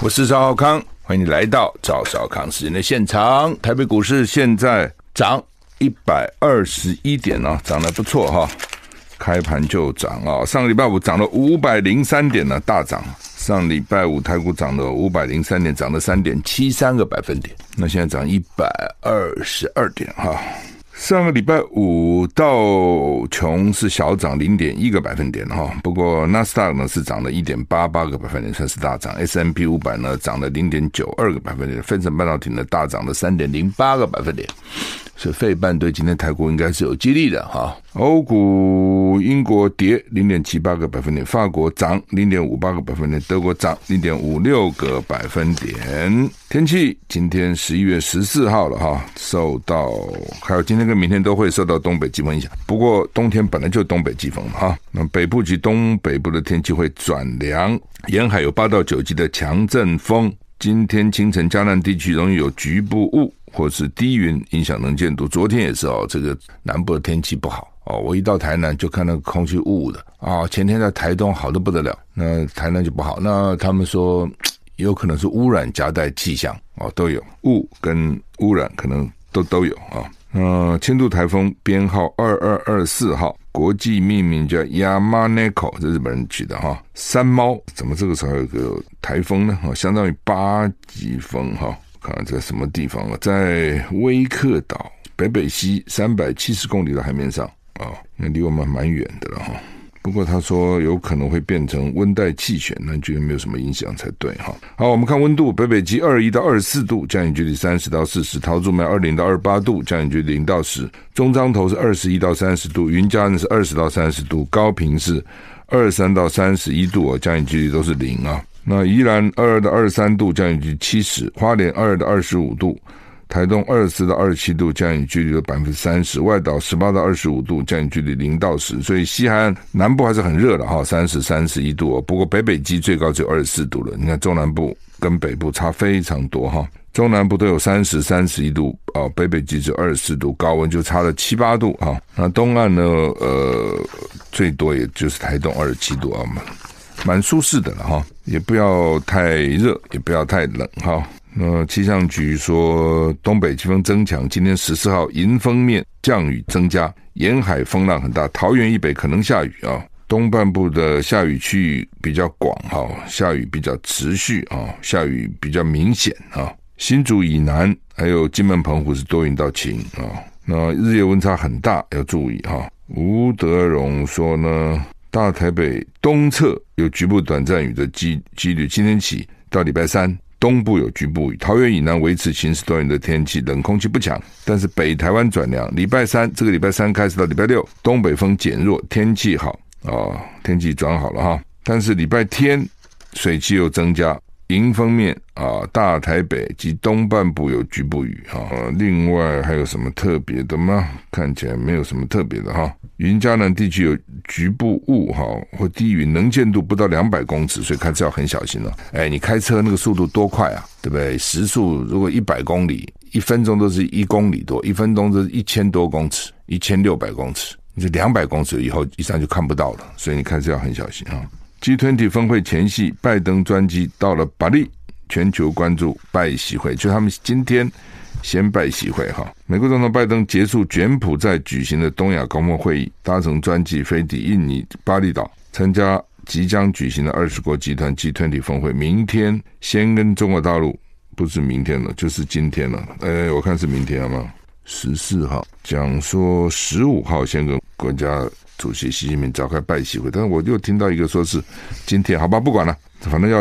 我是趙少康，歡迎你來到趙少康時間的現場。台北股市現在漲一百二十一點呢、哦，漲得不錯哈、哦。開盤就漲啊、哦，上個禮拜五漲了五百零三點呢、啊，大漲。上禮拜五台股漲了五百零三點，漲了三點七三個百分點。那現在漲一百二十二點哈、哦。上個禮拜五，道瓊是小漲零點一個百分點哈，不過納斯達克呢是漲了一點八八個百分點，是分點算是大漲；S&P 五百呢漲了零點九二個百分點，分成半導體呢大漲了三點零八個百分點。所以費半對，今天台股應該是有激勵的哈。歐股英國跌，零點七八個百分點，法國漲零點五八個百分點，德國漲零點五六個百分點。天氣今天十一月十四號了哈，受到還有今天跟明天都會受到東北季風影響。不過冬天本來就東北季風嘛哈，那北部及東北部的天氣會轉涼，沿海有八到九級的強陣風。今天清晨，嘉南地區容易有局部霧。或是低雲影響能見度，昨天也是哦。這個南部的天氣不好哦，我一到台南就看那個空氣霧霧的啊，哦。前天在台東好的不得了，那台南就不好。那他們說有可能是污染夾帶氣象哦，都有霧跟污染，可能都都有啊。嗯，哦呃，輕度颱風編號二二二四號，國際命名叫 Yamaneko，這日本人取的哈，山，哦，貓。怎麼這個時候有個颱風呢？哈，哦，相當於八級風哈。哦看在什麼地方啊？在威克島北北西三百七十公里的海面上啊，那、哦、離我們蠻遠的了哈。不過他說有可能會變成溫帶氣旋，那覺得沒有什麼影響才對哈。好，我們看溫度，北北基二一到二十四度，降雨距離三十到四十；桃竹苗二零到二八度，降雨距離零到十；中彰投是二十一到三十度，雲嘉呢是二十到三十度，高屏是二三到三十一度啊，降雨距離都是零啊。那宜蘭二二到二十三度，降雨距七十；花蓮二二到二十五度；台東二十四到二十七度，降雨距離有百分之三十；外島十八到二十五度，降雨距離零到十。所以西海岸南部還是很熱的哈，三十、三十一度。不過北北基最高只有二十四度了。你看中南部跟北部差非常多哈，中南部都有三十、三十一度啊，北北基只有二十四度，高溫就差了七八度哈。那東岸呢，呃，最多也就是台東二十七度啊嘛。蠻舒適的了哈，也不要太熱，也不要太冷哈。那氣象局說，東北季風增強，今天十四號，迎風面降雨增加，沿海風浪很大，桃園以北可能下雨啊，東半部的下雨區域比較廣哈，下雨比較持續啊，下雨比較明顯啊。新竹以南還有金門、澎湖是多雲到晴啊。那日夜溫差很大，要注意哈。吳德榮說呢。大台北東側有局部短暫雨的機幾率，今天起到禮拜三，東部有局部雨，桃園以南維持晴時多雲的天氣，冷空氣不強，但是北台灣轉涼。禮拜三，這個禮拜三開始到禮拜六，東北風減弱，天氣好啊、哦，天氣轉好了哈，但是禮拜天水氣又增加。迎風面啊，大台北及東半部有局部雨哈。另外還有什麼特別的嗎？看起來沒有什麼特別的哈。雲嘉南地區有局部霧哈，或低雲，能見度不到兩百公尺，所以開車要很小心了、哦。誒，你開車那個速度多快啊？對不對？時速如果一百公里，一分鐘都是一公里多，一分鐘都是一千多公尺，一千六百公尺，你就兩百公尺以後以上就看不到了，所以你開車要很小心啊、哦。G20 峰會前夕，拜登專機到了巴厘，全球關注拜習會。就他們今天先拜習會哈。美國總統拜登結束柬埔寨舉行的東亞高峰會議，搭乘專機飛抵印尼巴厘島，參加即將舉行的二十國集團 G20 峰會。明天先跟中國大陸，不是明天了，就是今天了。哎，我看是明天好嗎？十四號講說，十五號先跟國家主席習近平召開拜習會，但是我又聽到一個說是今天，好吧，不管了，反正要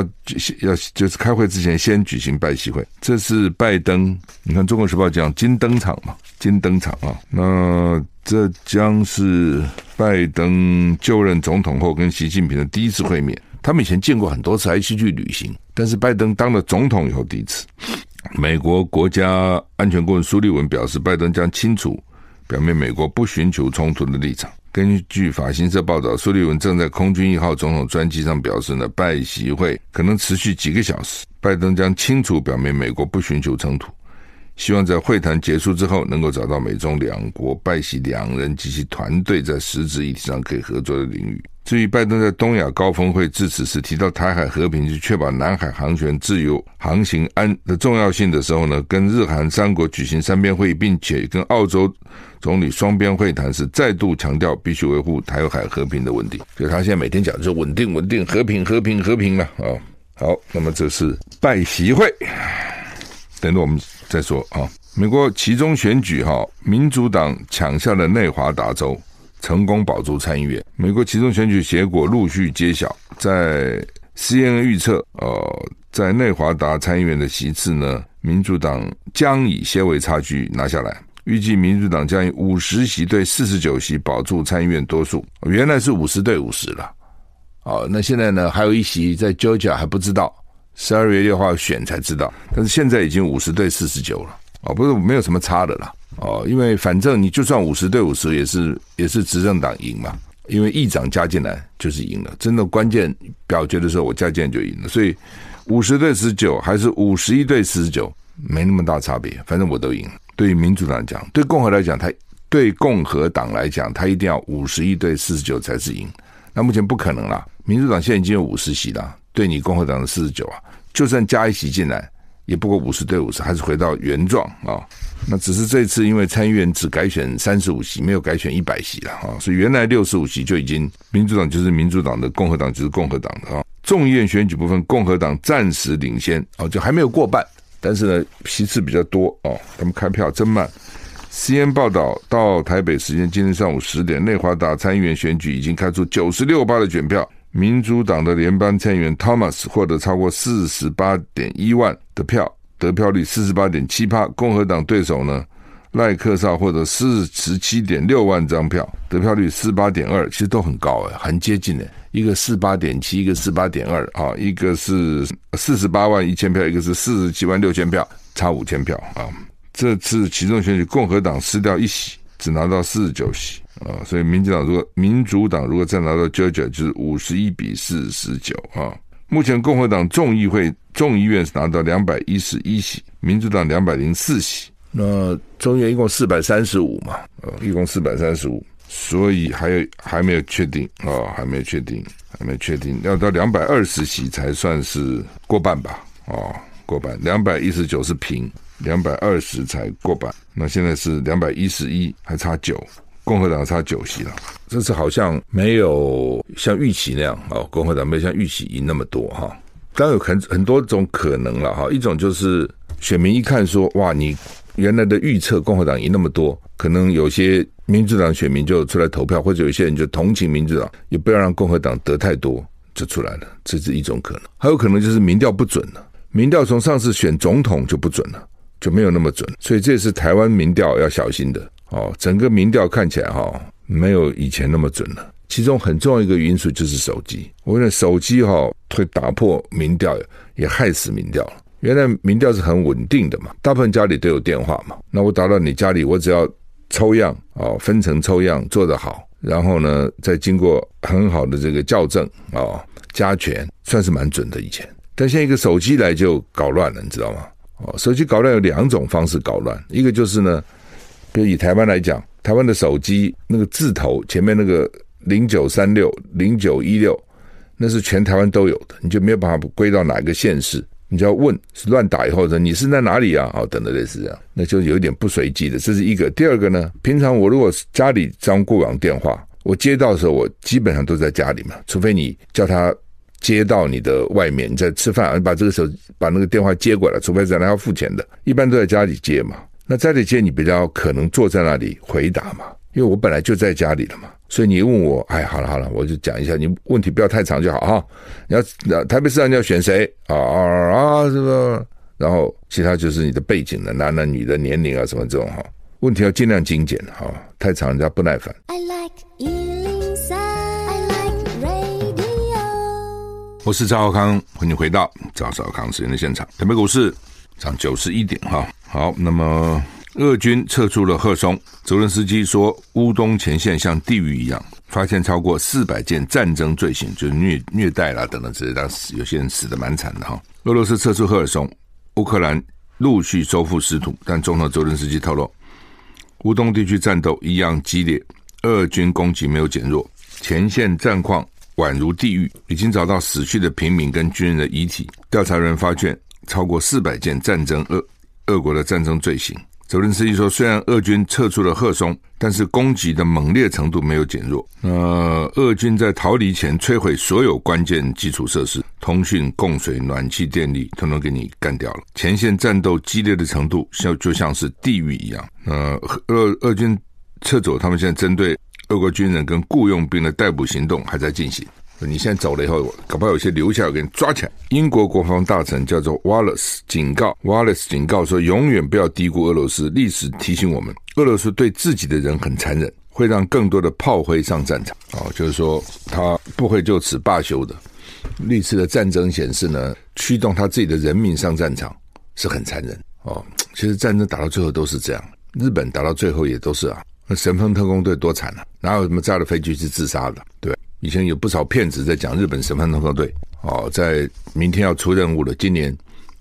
要就是開會之前先舉行拜習會。這是拜登，你看《中國時報》講今登場嘛，今登場啊，那這將是拜登就任總統後跟習近平的第一次會面。他們以前見過很多次，還一起去旅行，但是拜登當了總統以後第一次。美國國家安全顧問蘇利文表示，拜登將清楚表明美國不尋求衝突的立場。根據法新社報道，蘇利文正在空軍一號總統專機上表示呢，拜習會可能持續幾個小時，拜登將清楚表明美國不尋求衝突。希望在會談結束之後，能夠找到美中兩國拜習兩人及其團隊在實質議題上可以合作的領域。至於拜登在東亞高峰會致辭時提到台海和平，就確保南海航權自由航行安的重要性的時候呢，跟日韓三國舉行三邊會議，並且跟澳洲總理雙邊會談時，再度強調必須維護台海和平的問題。所以，他現在每天講就是穩定、穩定、和平、和平、和平嘛哦，好，好，那麼這是拜習會。等着我們再說啊！美國期中選舉哈，民主黨搶下了內華達州，成功保住參議院。美國期中選舉結果陸續揭曉，在 CNN 預測，呃，在內華達參議院的席次呢，民主黨將以些微差距拿下來，預計民主黨將以五十席對四十九席保住參議院多數。原來是五十對五十了，哦，那現在呢，還有一席在 Georgia 還不知道。十二月六號選才知道，但是現在已經五十對四十九了，哦，不是沒有什麼差的啦，哦，因為反正你就算五十對五十也是也是執政黨贏嘛，因為議長加進來就是贏了，真的關鍵表決的時候我加進來就贏了，所以五十對十九還是五十一對四十九沒那麼大差別，反正我都贏。對於民主黨講，對共和來講，他對共和黨來講他，來講他一定要五十一對四十九才是贏，那目前不可能啦，民主黨現在已經有五十席了。對你共和黨的四十九啊，就算加一席進來，也不過五十對五十，還是回到原狀啊、哦。那只是這次，因為參議院只改選三十五席，沒有改選一百席了啊、哦，所以原來六十五席就已經民主黨就是民主黨的，共和黨就是共和黨的啊、哦。眾議院選舉部分，共和黨暫時領先啊、哦，就還沒有過半，但是呢，席次比較多哦，他們開票真慢。CNN 報道到台北時間今天上午十點，內華達參議員選舉已經開出九十六%的選票。民主黨的聯邦參議員 Thomas 獲得超過四十八點一萬的票，得票率四十八點七趴。共和黨對手呢，賴克薩獲得四十七點六萬張票，得票率四八點二，其實都很高誒、欸，很接近的、欸，一個四八點七，一個四八點二啊，一個是四十八萬一千票，一個是四十七萬六千票，差五千票啊。這次其中選舉，共和黨失掉一席。只拿到四十九席啊、哦，所以民主黨如果民主黨如果再拿到九九，就是五十一比四十九啊。目前共和黨眾議會眾議院是拿到兩百一十一席，民主黨兩百零四席。那眾議院一共四百三十五嘛，呃、哦，一共四百三十五，所以還有還沒有確定啊、哦，還沒有確定，還沒有確定，要到兩百二十席才算是過半吧，哦，過半，兩百一十九是平。兩百二十才過半，那現在是兩百一十一，還差九，共和黨差九席了。這次好像沒有像預期那樣哦，共和黨沒有像預期贏那麼多哈。當然有很很多種可能了哈，一種就是選民一看說哇，你原來的預測共和黨贏那麼多，可能有些民主黨選民就出來投票，或者有些人就同情民主黨，也不要讓共和黨得太多，就出來了。這是一種可能，還有可能就是民調不準了，民調從上次選總統就不準了。就沒有那麼準，所以這也是台灣民調要小心的哦。整個民調看起來哈，沒有以前那麼準了。其中很重要一個因素就是手機。我認為手機哈，會打破民調，也害死民調了。原來民調是很穩定的嘛，大部分家裡都有電話嘛。那我打到你家裡，我只要抽樣哦，分成抽樣做得好，然後呢，再經過很好的這個校正哦，加權，算是蠻準的以前。但現在一個手機來就搞亂了，你知道嗎？哦，手機搞亂有兩種方式搞亂，一個就是呢，比如以台灣來講，台灣的手機那個字頭前面那個零九三六、零九一六，那是全台灣都有的，你就沒有辦法歸到哪一個縣市，你就要問是亂打以後的，你是在哪裡啊？哦，等等，類似這樣，那就有點不隨機的，這是一個。第二個呢，平常我如果是家裡裝固網電話，我接到的時候，我基本上都在家裡嘛，除非你叫他。接到你的外面，你在吃飯，你把這個手把那個電話接過來。除非在那要付錢的，一般都在家裡接嘛。那家裡接，你比較可能坐在那裡回答嘛，因為我本來就在家裡了嘛。所以你問我，哎，好了好了，我就講一下，你問題不要太長就好哈。你要台北市長你要選誰啊啊啊？這個，然後其他就是你的背景的，男的、女的年齡啊什麼這種哈。問題要儘量精簡哈，太長人家不耐煩。I like 我是趙少康，歡迎回到趙少康時間的現場。台北股市漲九十一點哈。好，那麼俄軍撤出了赫松，澤倫斯基說烏東前線像地獄一樣，發現超過四百件戰爭罪行，就是虐虐待啦等等之類的，有些人死得蠻慘的哈。俄羅斯撤出赫爾松，烏克蘭陸續收復失土，但總統澤倫斯基透露，烏東地區戰鬥一樣激烈，俄軍攻擊沒有減弱，前線戰況。宛如地獄，已經找到死去的平民跟軍人的遺體。調查人發現超過四百件戰爭俄，俄國的戰爭罪行。澤倫斯基說，雖然俄軍撤出了赫松，但是攻擊的猛烈程度沒有減弱。呃，俄軍在逃離前摧毀所有關鍵基礎設施，通訊、供水、暖氣、電力，統統給你幹掉了。前線戰鬥激烈的程度，就像就像是地獄一樣。呃，俄俄軍撤走，他們現在針對。俄國軍人跟僱傭兵的逮捕行動還在進行。你現在走了以後，搞不好有些留下要給你抓起來。英國國防大臣叫做 Wallace 警告，Wallace 警告說，永遠不要低估俄羅斯。歷史提醒我們，俄羅斯對自己的人很殘忍，會讓更多的炮灰上戰場。哦，就是說他不會就此罷休的。歷次的戰爭顯示呢，驅動他自己的人民上戰場是很殘忍。哦，其實戰爭打到最後都是這樣，日本打到最後也都是啊。那神風特攻隊多慘了、啊，哪有什麼炸的飛機是自殺的？對，以前有不少騙子在講日本神風特攻隊哦，在明天要出任務了，今年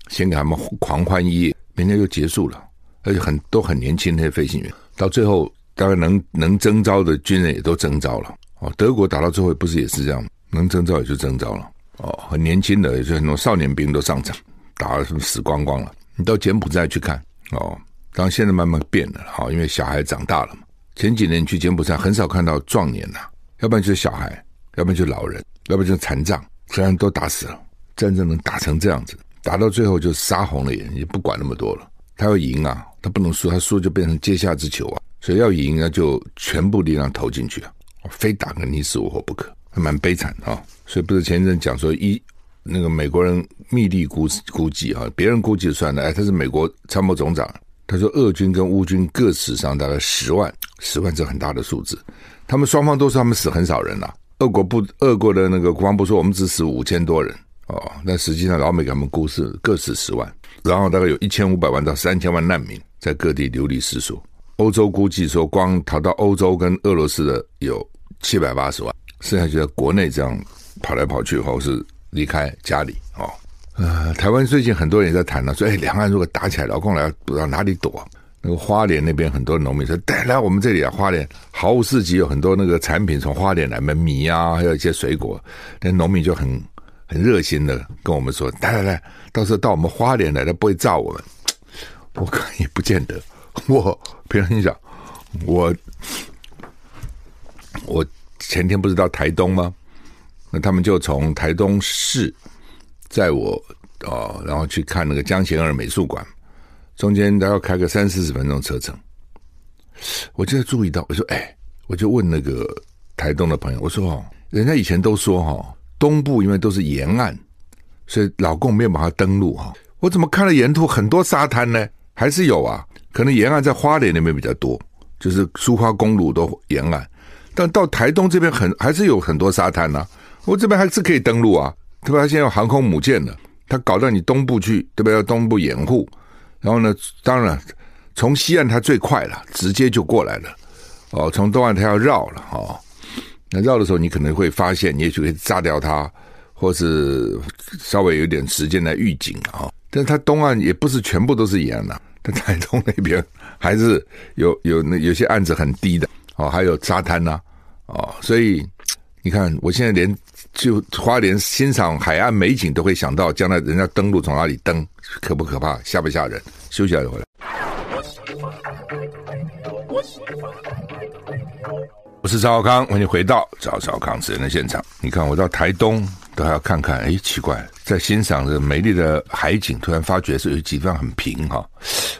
先給他們狂歡一夜，明天就結束了。而且很都很年輕那些飛行員，到最後大概能能徵召的軍人也都徵召了哦。德國打到最後不是也是這樣嗎？能徵召也就徵召了哦，很年輕的也就是很多少年兵都上場，打了什麼死光光了。你到柬埔寨去看哦，當然現在慢慢變了哈、哦，因為小孩長大了嘛。前幾年去柬埔寨，很少看到壯年吶、啊，要不然就是小孩，要不然就是老人，要不然就是殘障，雖然都打死了。戰爭能打成這樣子，打到最後就殺紅了眼，也不管那麼多了。他要贏啊，他不能輸，他輸就變成階下之囚啊。所以要贏啊，就全部力量投進去了、啊，非打個你死我活不可。還蠻悲慘的啊、哦。所以不是前一陣講說一，那個美國人密利估估計啊，別人估計算的，哎，他是美國參謀總長。他說，俄軍跟烏軍各死傷大概十萬，十萬是很大的數字。他們雙方都說他們死很少人啦、啊。俄國不，俄國的那個國防部說我們只死五千多人哦。但實際上老美給他們估算各死十萬，然後大概有一千五百萬到三千萬難民在各地流離失所。歐洲估計說，光逃到歐洲跟俄羅斯的有七百八十萬，剩下就在國內這樣跑來跑去，或是離開家裡哦。呃，台灣最近很多人也在談了、啊，說哎，兩岸如果打起來，來，勞工來不知道哪裡躲、啊。那個花蓮那邊很多農民說，來來，我們這裡啊，花蓮毫無刺激，有很多那個產品從花蓮來，什麼米啊，還有一些水果。那農、個、民就很很熱心的跟我們說，帶來來來，到時候到我們花蓮來，他不會炸我們。我看也不見得。我平常講，我我前天不是到台東嗎？那他們就從台東市。在我啊、哦，然後去看那個江賢二美術館，中間都要開個三四十分鐘車程。我就注意到，我說哎，我就問那個台東的朋友，我說哦，人家以前都說哈，東部因為都是沿岸，所以老共沒有把它登陸哈。我怎麼看了沿途很多沙灘呢？還是有啊？可能沿岸在花蓮那邊比較多，就是蘇花公路都沿岸，但到台東這邊很還是有很多沙灘呢、啊。我這邊還是可以登陸啊。特別現在有航空母艦了，它搞到你東部去，特別要東部掩護，然後呢，當然從西岸它最快了，直接就過來了。哦，從東岸它要繞了，哦，那繞的時候你可能會發現，你也許會炸掉它，或是稍微有點時間來預警啊、哦。但他它東岸也不是全部都是一樣的，它台東那邊還是有有有,那有些岸子很低的，哦，還有沙灘吶、啊，哦，所以。你看，我現在連，就花蓮欣賞海岸美景都會想到將來人家登陸從哪裡登，可不可怕？嚇不嚇人？休息一下就回來。我是趙少康，歡迎回到趙少康主持的現場。你看，我到台東都還要看看。哎，奇怪，在欣賞着美麗的海景，突然發覺是有幾段很平哈、哦。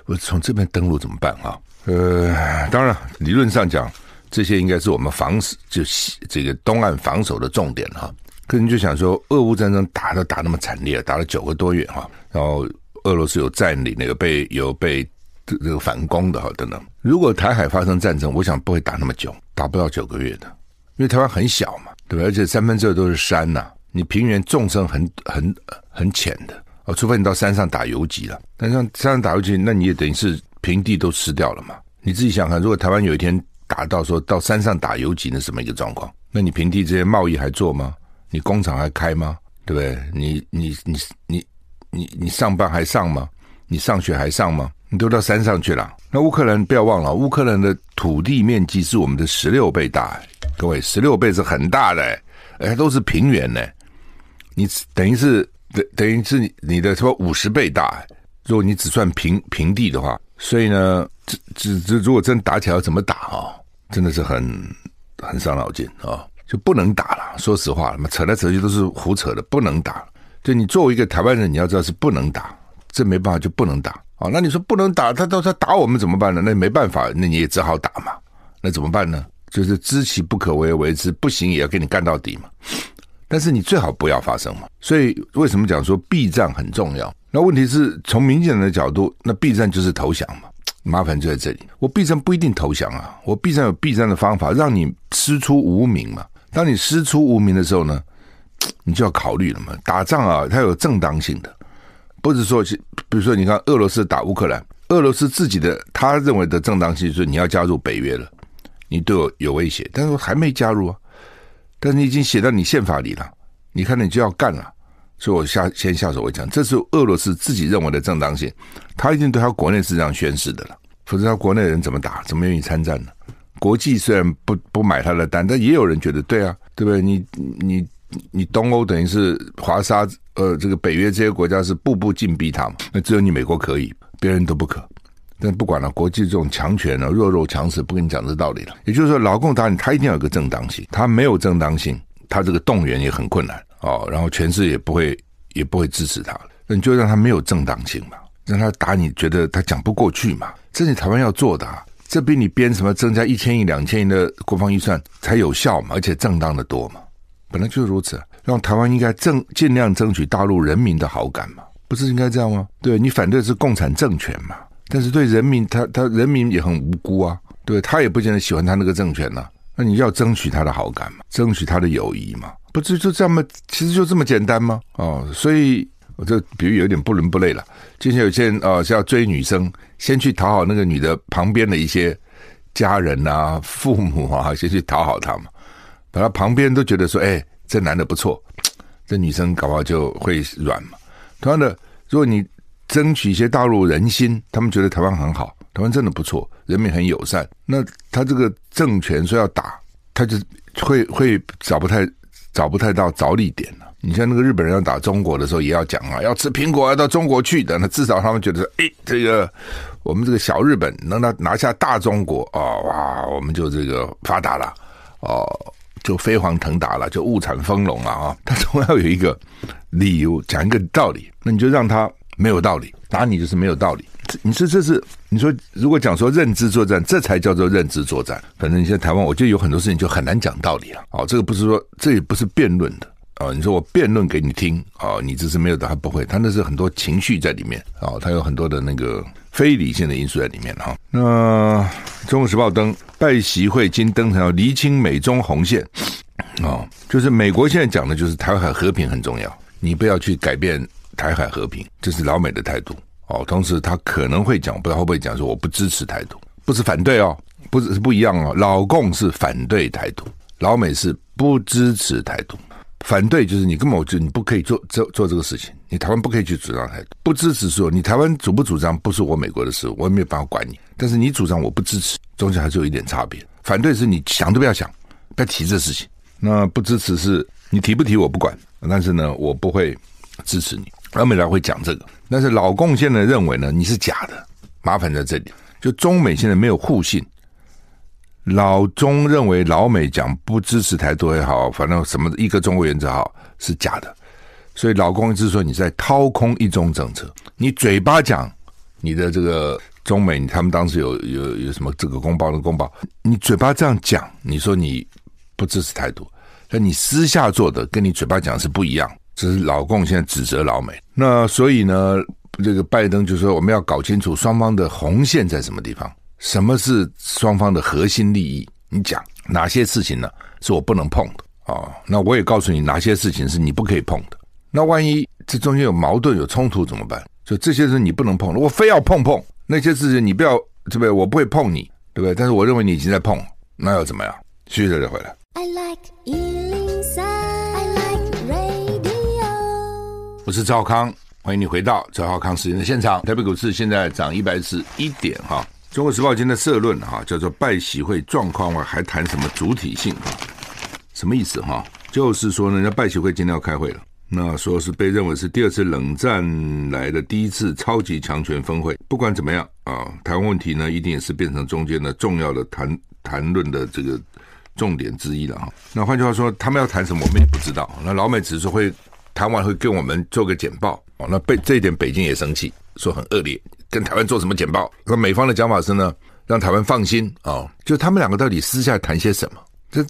我從這邊登陸怎麼辦哈、哦，呃，當然，理論上講。這些應該是我們防守，就西這個東岸防守的重點哈。個人就想說，俄烏戰爭打都打那麼慘烈，打了九個多月哈，然後俄羅斯有佔領，那個被有被這個反攻的哈。等等，如果台海發生戰爭，我想不會打那麼久，打不到九個月的，因為台灣很小嘛，對不對？而且三分之二都是山吶、啊，你平原縱深很很很淺的哦，除非你到山上打游擊了。但是山上打游擊，那你也等於是平地都吃掉了嘛。你自己想看，如果台灣有一天。打到說，到山上打游擊的什麼一個狀況？那你平地這些貿易還做嗎？你工廠還開嗎？對不對？你你你你你你上班還上嗎？你上學還上嗎？你都到山上去了。那烏克蘭不要忘了，烏克蘭的土地面積是我們的十六倍大。各位，十六倍是很大的，哎，都是平原呢。你等於是，等等於是你你的說五十倍大，如果你只算平平地的話。所以呢？這這這，這這如果真打起來，要怎麼打啊、哦？真的是很很傷腦筋啊、哦！就不能打了。說實話了嘛，扯來扯去都是胡扯的，不能打。就你作為一個台灣人，你要知道是不能打，這沒辦法，就不能打啊、哦。那你說不能打，他到時候打我們怎麼辦呢？那沒辦法，那你也只好打嘛。那怎麼辦呢？就是知其不可為而為之，不行也要跟你幹到底嘛。但是你最好不要發生嘛。所以為什麼講說避戰很重要？那問題是，從民進黨的角度，那避戰就是投降嘛。麻煩就在這裡，我避戰不一定投降啊，我避戰有避戰的方法，讓你師出無名嘛。當你師出無名的時候呢，你就要考慮了嘛。打仗啊，它有正當性的，不是說，比如說，你看俄羅斯打烏克蘭，俄羅斯自己的他認為的正當性是你要加入北約了，你對我有威脅，但是我還沒加入啊，但你已經寫到你憲法裡了，你看你就要幹了。所以，我下先下手為強，這是俄羅斯自己認為的正當性，他一定對他國內是這樣宣示的了，否則他國內人怎麼打，怎麼願意參戰呢？國際雖然不不買他的單，但也有人覺得對啊，對不對？你你你，你東歐等於是華沙，呃，這個北約這些國家是步步緊逼他嘛，那只有你美國可以，別人都不可。但不管了、啊，國際這種強權呢、啊，弱肉強食，不跟你講這道理了。也就是說，老共打你，他一定要有個正當性，他沒有正當性，他這個動員也很困難。哦，然後全世界也不會也不會支持他了，那你就讓他沒有正當性嘛，讓他打你覺得他講不過去嘛，這是台灣要做的啊，這比你編什麼增加一千億、兩千億的國防預算才有效嘛，而且正當的多嘛，本來就如此，讓台灣應該爭儘量爭取大陸人民的好感嘛，不是應該這樣嗎？對你反對是共產政權嘛，但是對人民他他人民也很無辜啊，對他也不見得喜歡他那個政權呢啊，那你要爭取他的好感嘛，爭取他的友誼嘛。就就這麼，其實就這麼簡單嗎？哦，所以我就比如有點不倫不類了。就像有些人啊，呃、是要追女生，先去討好那個女的旁邊的一些家人啊、父母啊，先去討好他嘛。把他旁邊都覺得說：“哎、欸，這男的不錯。”這女生搞不好就會軟嘛。同樣的，如果你爭取一些大陸人心，他們覺得台灣很好，台灣真的不錯，人民很友善，那他這個政權說要打，他就會會找不太。找不太到着力點了。你像那個日本人要打中國的時候，也要講啊，要吃蘋果，要到中國去的。那至少他們覺得說，哎，這個我們這個小日本能拿拿下大中國，哦、呃、哇，我們就這個發達了，哦、呃，就飛黃騰達了，就物產豐隆了啊。他總要有一個理由，講一個道理。那你就讓他沒有道理，打你就是沒有道理。你說這是你說，如果講說認知作戰，這才叫做認知作戰。反正你現在台灣，我就有很多事情就很難講道理了。哦，這個不是說，這也不是辯論的。哦，你說我辯論給你聽，哦，你這是沒有的，他不會，他那是很多情緒在裡面。哦，他有很多的那個非理性的因素在裡面。哈，那《中國時報》登拜習會，今登台要釐清美中紅線。哦，就是美國現在講的就是台灣海和平很重要，你不要去改變台海和平，這是老美的態度。哦，同時他可能會講，不知道會不會講說我不支持台獨，不是反對哦，不是不一樣哦。老共是反對台獨，老美是不支持台獨。反對就是你根本就你不可以做這做，做這個事情，你台灣不可以去主張台獨。不支持說你台灣主不主張不是我美國的事，我也沒有辦法管你。但是你主張我不支持，中間還是有一點差別。反對是你想都不要想，不要提這事情。那不支持是你提不提我不管，但是呢，我不會支持你。老美才會講這個。但是老共現在認為呢，你是假的，麻煩在這裡。就中美現在沒有互信，老中認為老美講不支持台獨也好，反正什麼一個中國原則好，是假的。所以老共一直說你在掏空一中政策，你嘴巴講你的這個中美，他們當時有有有什麼這個公報的公報，你嘴巴這樣講，你說你不支持台獨，但你私下做的跟你嘴巴講是不一樣。只是老共現在指責老美，那所以呢，這個拜登就說，我們要搞清楚雙方的紅線在什麼地方，什麼是雙方的核心利益？你講哪些事情呢是我不能碰的啊、哦？那我也告訴你哪些事情是你不可以碰的。那萬一這中間有矛盾有衝突怎麼辦？就這些事你不能碰，如果非要碰碰那些事情，你不要對不對？我不會碰你，對不對？但是我認為你已經在碰了，那又怎麼樣？繼續姐回來。我是趙少康，歡迎你回到趙少康時間的現場。台北股市現在漲一百一十一點哈。中國時報今天的社論哈叫做“拜習會狀況外還談什麼主體性”哈，什麼意思哈？就是說，人家拜習會今天要開會了，那說是被認為是第二次冷戰來的第一次超級強權峰會。不管怎麼樣啊，台灣問題呢，一定也是變成中間的重要的談談論的這個重點之一了哈。那換句話說，他們要談什麼，我們也不知道。那老美只是會。台灣會跟我們做個簡報，哦，那被，這一點北京也生氣，說很惡劣，跟台灣做什麼簡報？那美方的講法是呢，讓台灣放心啊、哦，就他們兩個到底私下談些什麼？這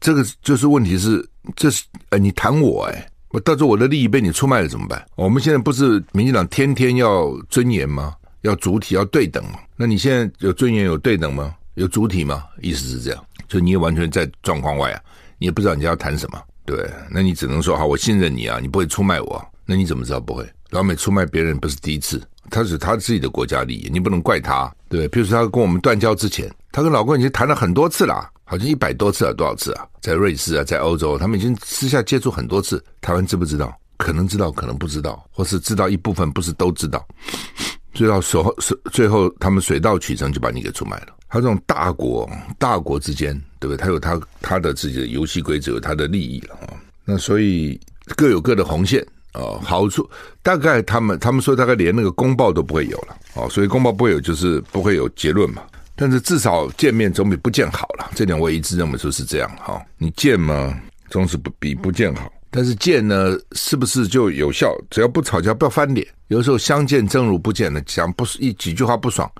這個就是問題是，這是呃，你談我哎、欸，我到時候我的利益被你出賣了怎麼辦？我們現在不是民進黨天天要尊嚴嗎？要主體，要對等嗎？那你現在有尊嚴有對等嗎？有主體嗎？意思是這樣，就你也完全在狀況外啊，你也不知道人家要談什麼。對，那你只能說好，我信任你啊，你不會出賣我啊。那你怎麼知道不會？老美出賣別人不是第一次，他是他自己的國家利益，你不能怪他。對，比如說他跟我們斷交之前，他跟老共已經談了很多次了，好像一百多次啊，多少次啊，在瑞士啊，在歐洲，他們已經私下接觸很多次。台灣知不知道？可能知道，可能不知道，或是知道一部分，不是都知道。 最後，水水最後，他們水到渠成就把你給出賣了。他這種大國，大國之間，對不對？他有他他的自己的遊戲規則，有他的利益了啊、哦。那所以各有各的紅線啊、哦。好處大概他們他們說大概連那個公報都不會有了啊、哦。所以公報不會有，就是不會有結論嘛。但是至少見面總比不見好了。這點我也一直認為說是這樣哈、哦。你見嗎？總是不比不見好。但是見呢，是不是就有效？只要不吵架，不要翻臉。有時候相見正如不見的，講不是一幾句話不爽，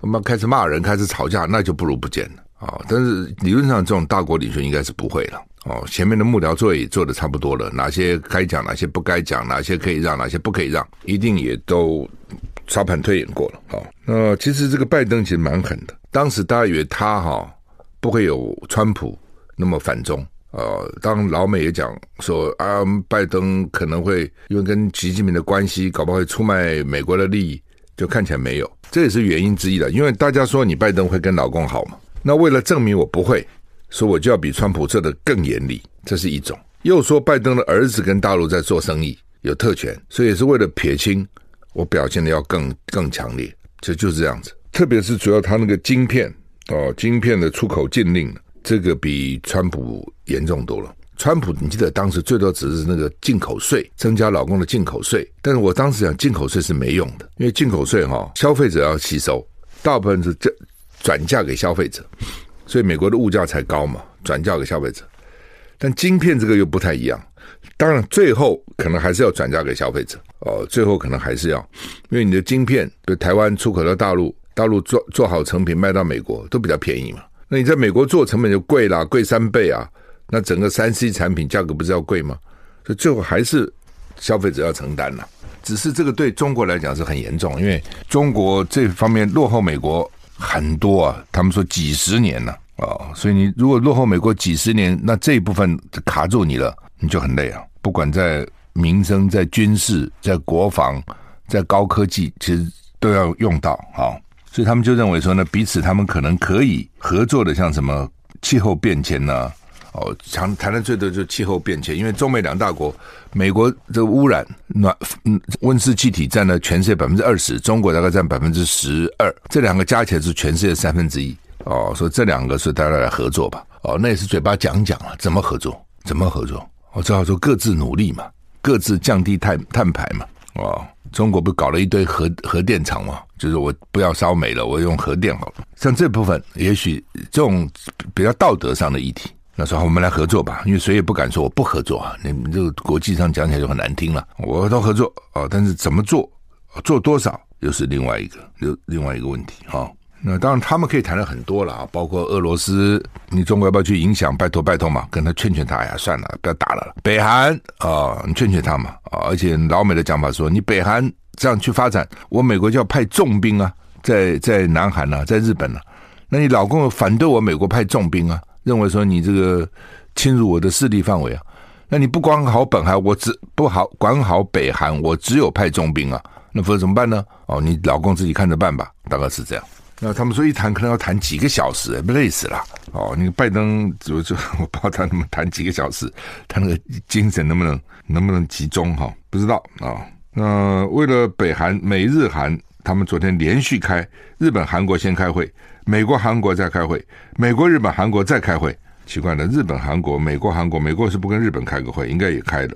那麼開始罵人，開始吵架，那就不如不見的、哦、但是理論上，這種大國領袖應該是不會了哦。前面的幕僚作業也做得差不多了，哪些該講，哪些不該講，哪些可以讓，哪些不可以讓，一定也都沙盤推演過了哦。那其實這個拜登其實蠻狠的，當時大家以為他哈、哦、不會有川普那麼反中。呃、哦，當老美也講說啊，拜登可能會因為跟習近平的關係，搞不好會出賣美國的利益，就看起來沒有，這也是原因之一的。因為大家說你拜登會跟老共好嘛，那為了證明我不會，說我就要比川普做得更嚴厲，這是一種。又說拜登的兒子跟大陸在做生意，有特權，所以也是為了撇清，我表現得要更更強烈，就就是這樣子。特別是主要他那個晶片哦，晶片的出口禁令。這個比川普嚴重多了。川普，你記得當時最多只是那個進口稅，增加老共的進口稅。但是我當時想進口稅是沒用的，因為進口稅哈、哦，消費者要吸收，大部分是轉轉嫁給消費者，所以美國的物價才高嘛，轉嫁給消費者。但晶片這個又不太一樣，當然最後可能還是要轉嫁給消費者哦，最後可能還是要，因為你的晶片對台灣出口到大陸，大陸做做好成品賣到美國都比較便宜嘛。那你在美國做成本就貴啦，貴三倍啊！那整個三 C 產品價格不是要貴嗎？所以最後還是消費者要承擔啦。只是這個對中國來講是很嚴重，因為中國這方面落後美國很多啊。他們說幾十年了啊，哦，所以你如果落後美國幾十年，那這一部分卡住你了，你就很累啊。不管在民生、在軍事、在國防、在高科技，其實都要用到啊。哦。所以他們就認為說呢，彼此他們可能可以合作的，像什麼氣候變遷呢、啊？哦，常談的最多就是氣候變遷，因為中美兩大國，美國這污染暖嗯溫室氣體占了全世界百分之二十，中國大概占百分之十二，這兩個加起來是全世界三分之一。哦，所以這兩個是大家來合作吧？哦，那也是嘴巴講講了，怎麼合作？怎麼合作？我、哦、只好說各自努力嘛，各自降低碳碳排嘛。哦，中國不搞了一堆核核電廠嗎？就是我不要燒煤了，我用核電好了。像這部分，也許這種比較道德上的議題，那說我們來合作吧，因為誰也不敢說我不合作啊。你們這個國際上講起來就很難聽了。我都合作啊、哦，但是怎麼做，做多少，又是另外一個又另外一個問題啊、哦。那當然他們可以談的很多了啊，包括俄羅斯，你中國要不要去影響？拜托拜托嘛，跟他勸勸他呀。算了，不要打了。北韓啊、哦，你勸勸他嘛啊、哦。而且老美的講法說，你北韓。這樣去發展，我美國就要派重兵啊，在在南韓啊，在日本啊。那你老公反對我美國派重兵啊，認為說你這個侵入我的勢力範圍啊。那你不管好北韓，我只不好管好北韓，我只有派重兵啊。那否則怎麼辦呢？哦，你老公自己看着辦吧。大概是這樣。那他們說一談可能要談幾個小時，累死了。哦，你拜登就就我不知道他能不能談幾個小時，他那個精神能不能能不能集中哈、哦？不知道啊。哦那、呃、為了北韓美日韓，他們昨天連續開，日本韓國先開會，美國韓國再開會，美國日本韓國再開會，奇怪了，日本韓國、美國韓國，美國是不跟日本開個會，應該也開了、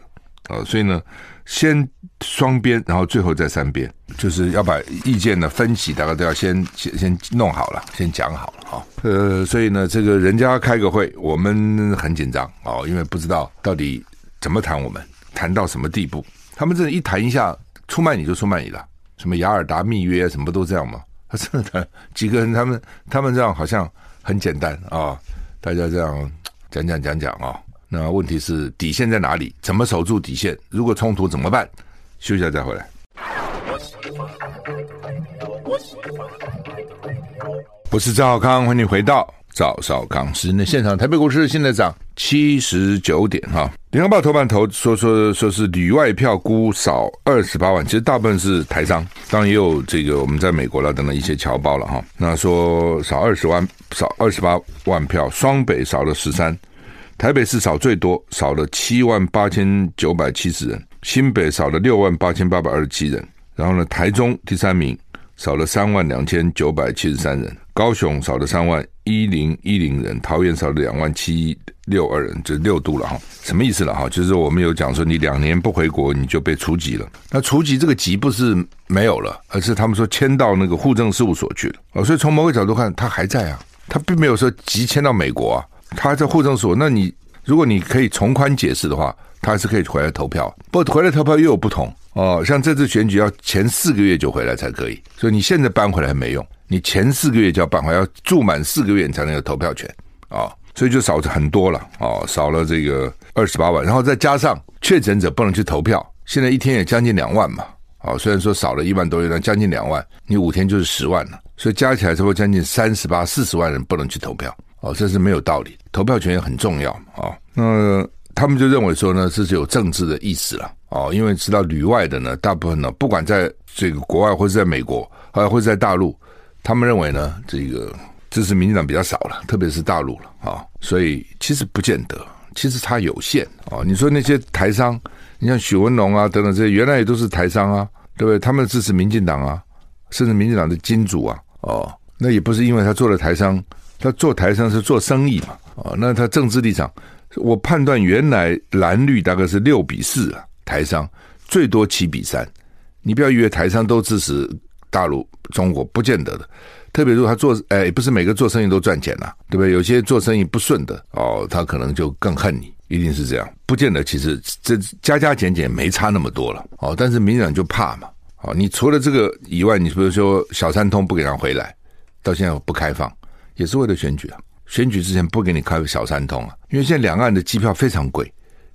哦、所以呢，先雙邊，然後最後再三邊，就是要把意見的分歧，大家都要先先、先弄好了，先講好了好呃，所以呢，這個人家開個會，我們很緊張啊、哦，因為不知道到底怎麼談，我們談到什麼地步。他們這一談一下，出賣你就出賣你了。什麼雅爾達密約，什麼不都這樣嗎？他真的談。幾個人，他們他們這樣好像很簡單啊、哦。大家這樣講講講講啊、哦。那問題是底線在哪裡？怎麼守住底線？如果衝突怎麼辦？休息一下再回來。我是趙少康，歡迎回到。趙少康時間的現場台北股市現在漲七十九點哈。《聯合報》頭版頭說說說,說是旅外票估少二十八萬，其實大部分是台商，當然也有這個我們在美國等了等等一些僑胞了哈。那說少二十萬，少二十八萬票，雙北少了十三，台北市少最多少了七萬八千九百七十人，新北少了六萬八千八百二十七人，然後呢，台中第三名少了三萬兩千九百七十三人。高雄少了三萬一零一零人，桃園少了兩萬七六二人，就是六度了哈，什麼意思了哈？就是我們有講說，你兩年不回國，你就被除籍了。那除籍這個籍不是沒有了，而是他們說遷到那個戶政事務所去了。哦，所以從某個角度看，他還在啊，他並沒有說急遷到美國啊，他在戶政所。那你如果你可以從寬解釋的話，他還是可以回來投票。不回來投票又有不同哦。像這次選舉要前四個月就回來才可以，所以你現在搬回來還沒用。你前四個月就要辦好，要住滿四個月才能有投票權啊、哦，所以就少很多了啊、哦，少了這個二十八萬，然後再加上確診者不能去投票，現在一天也將近兩萬嘛啊、哦，雖然說少了一萬多元，但將近兩萬，你五天就是十萬了，所以加起來才會將近三十八、四十萬人不能去投票哦，這是沒有道理，投票權也很重要啊、哦。那他們就認為說呢，這是有政治的意思了啊、哦，因為知道旅外的呢，大部分呢，不管在這個國外或是在美國，還或者在大陸。他們認為呢，這個支持民進黨比較少了，特別是大陸了啊、哦，所以其實不見得，其實他有限啊、哦。你說那些台商，你像許文龍啊等等這些，原來也都是台商啊，對不對？他們支持民進黨啊，甚至民進黨的金主啊，哦，那也不是因為他做了台商，他做台商是做生意嘛啊、哦，那他政治立場，我判斷原來藍綠大概是六比四啊，台商最多七比三，你不要以為台商都支持。大陸中國不見得的，特別如果他做，哎，不是每個做生意都賺錢吶、啊，對不對？有些做生意不順的，哦，他可能就更恨你，一定是這樣，不見得。其實這加加減減沒差那麼多了，哦，但是民進黨就怕嘛、哦，你除了這個以外，你比如說小三通不給他回來，到現在不開放，也是為了選舉啊。選舉之前不給你開個小三通啊，因為現在兩岸的機票非常貴，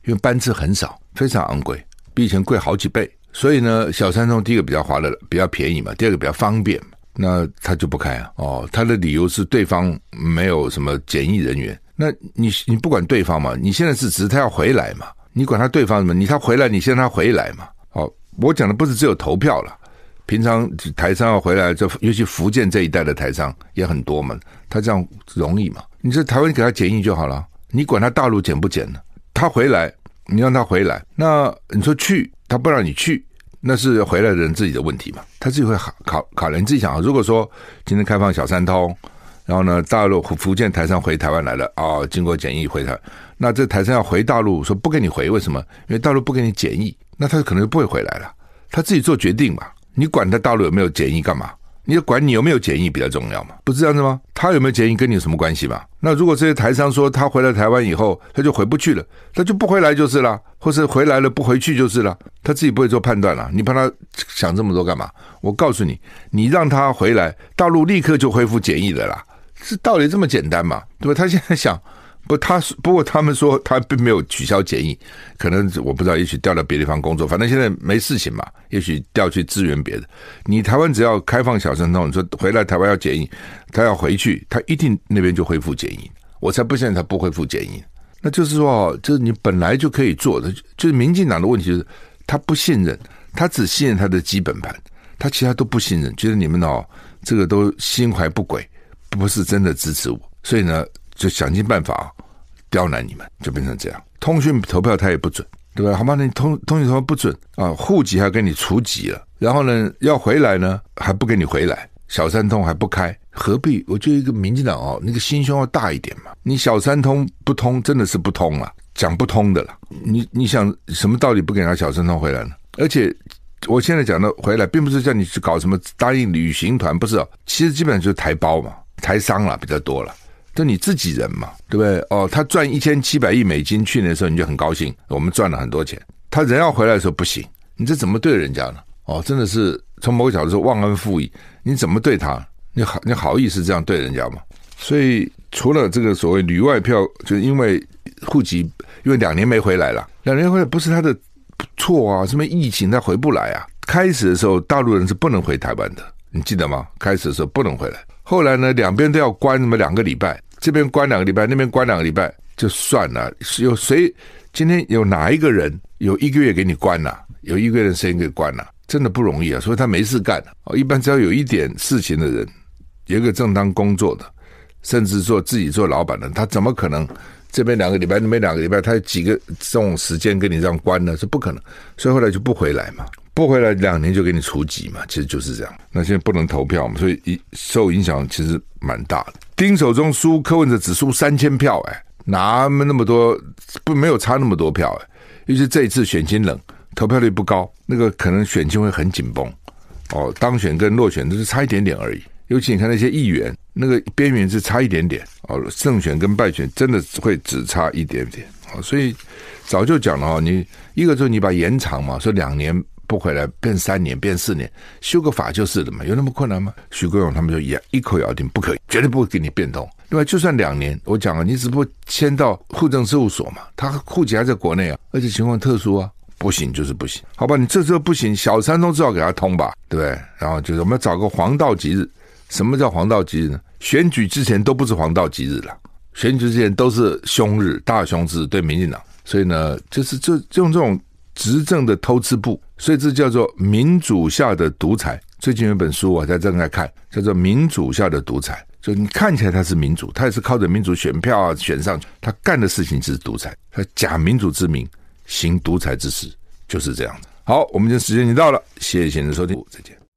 因為班次很少，非常昂貴，比以前貴好幾倍。所以呢，小三通第一個比較划得比較便宜嘛，第二個比較方便嘛，那他就不開啊。哦，他的理由是對方沒有什麼檢疫人員，那你你不管對方嘛，你現在是只是他要回來嘛，你管他對方什麼，你他回來，你先讓他回來嘛。哦，我講的不是只有投票了，平常台商要回來，就尤其福建這一帶的台商也很多嘛，他這樣容易嘛，你在台灣給他檢疫就好了，你管他大陸檢不檢呢？他回來，你讓他回來，那你說去？他不讓你去，那是回來的人自己的問題嘛？他自己會考考考了，你自己想啊。如果說今天開放小三通，然後呢，大陸福建台商回台灣來了，哦，經過檢疫回台，那這台商要回大陸，說不給你回，為什麼？因為大陸不給你檢疫，那他可能就不會回來了。他自己做決定嘛，你管他大陸有沒有檢疫幹嘛？你就管你有沒有檢疫比較重要嘛？不是這樣子嗎？他有沒有檢疫跟你有什麼關係嘛？那如果這些台商說他回來台灣以後，他就回不去了，他就不回來就是了，或是回來了不回去就是了，他自己不會做判斷了，你幫他想這麼多幹嘛？我告訴你，你讓他回來，大陸立刻就恢復檢疫了啦，這道理這麼簡單嘛？對吧？他現在想。不，他是不過他們說他並沒有取消檢疫，可能我不知道，也許調到別地方工作，反正現在沒事情嘛，也許調去支援別的。你台灣只要開放小三通，你說回來台灣要檢疫，他要回去，他一定那邊就恢復檢疫。我才不相信他不恢復檢疫，那就是說，就是你本來就可以做的，就是民進黨的問題就是他不信任，他只信任他的基本盤，他其他都不信任，覺得你們哦，這個都心懷不軌，不是真的支持我，所以呢。就想盡辦法刁難你們，就變成這樣。通訊投票他也不准，對吧？好吧，你通通訊投票不准啊，戶籍還要給你除籍了。然後呢，要回來呢還不給你回來，小三通還不開，何必？我覺得一個民進黨哦，那個心胸要大一點嘛。你小三通不通，真的是不通啊。講不通的了。你你想什麼道理不給人家小三通回來呢？而且我現在講的回來，並不是叫你去搞什麼答應旅行團，不是、啊。其實基本上就是台胞嘛，台商了、啊、比較多了。就你自己人嘛，對不對？哦，他賺一千七百億美金，去年的時候你就很高興，我們賺了很多錢。他人要回來的時候不行，你這怎麼對人家呢？哦，真的是從某個角度說忘恩負義，你怎麼對他？你好，你好意思這樣對人家嗎？所以除了這個所謂旅外票，就因為戶籍，因為兩年沒回來了，兩年回來不是他的錯啊，什麼疫情他回不來啊？開始的時候大陸人是不能回台灣的，你記得嗎？開始的時候不能回來。後來呢，兩邊都要關，什麼兩個禮拜？這邊關兩個禮拜，那邊關兩個禮拜，就算了。有誰今天有哪一個人有一個月給你關了、啊？有一個月的時間給你關了、啊？真的不容易啊！所以他沒事幹、啊。一般只要有一點事情的人，有一個正當工作的，甚至做自己做老闆的，他怎麼可能這邊兩個禮拜，那邊兩個禮拜，他有幾個這種時間給你這樣關呢？是不可能。所以後來就不回來嘛。撥回來兩年就給你除籍嘛，其實就是這樣。那現在不能投票嘛，所以一受影響其實蠻大的。丁守中輸，柯文哲只輸三千票，哎，哪那麼多，不沒有差那麼多票，哎。尤其這一次選情冷，投票率不高，那個可能選情會很緊繃。哦，當選跟落選都是差一點點而已。尤其你看那些議員，那個邊緣是差一點點哦，勝選跟敗選真的會只差一點點。哦，所以早就講了啊，哦，你一個就是你把延長嘛，說兩年。不回來變三年變四年修個法就是了嘛，有那麼困難嗎？徐國勇他們就一一口咬定不可以，絕對不會給你變通。另外，就算兩年，我講了，你只不過遷到戶政事務所嘛，他戶籍還在國內啊，而且情況特殊啊，不行就是不行。好吧，你這時候不行，小三通至少給他通吧，對不對？然後就是我們要找個黃道吉日。什麼叫黃道吉日呢？選舉之前都不是黃道吉日了，選舉之前都是凶日，大凶日對民進黨。所以呢，就是就用這種。執政的偷吃部，所以這叫做民主下的獨裁。最近有一本書，我還在正在看，叫做《民主下的獨裁》。就你看起來他是民主，他也是靠着民主選票啊選上去，他幹的事情就是獨裁，他假民主之名，行獨裁之實，就是這樣子。好，我們今天時間已經到了，謝謝您的收聽，再見。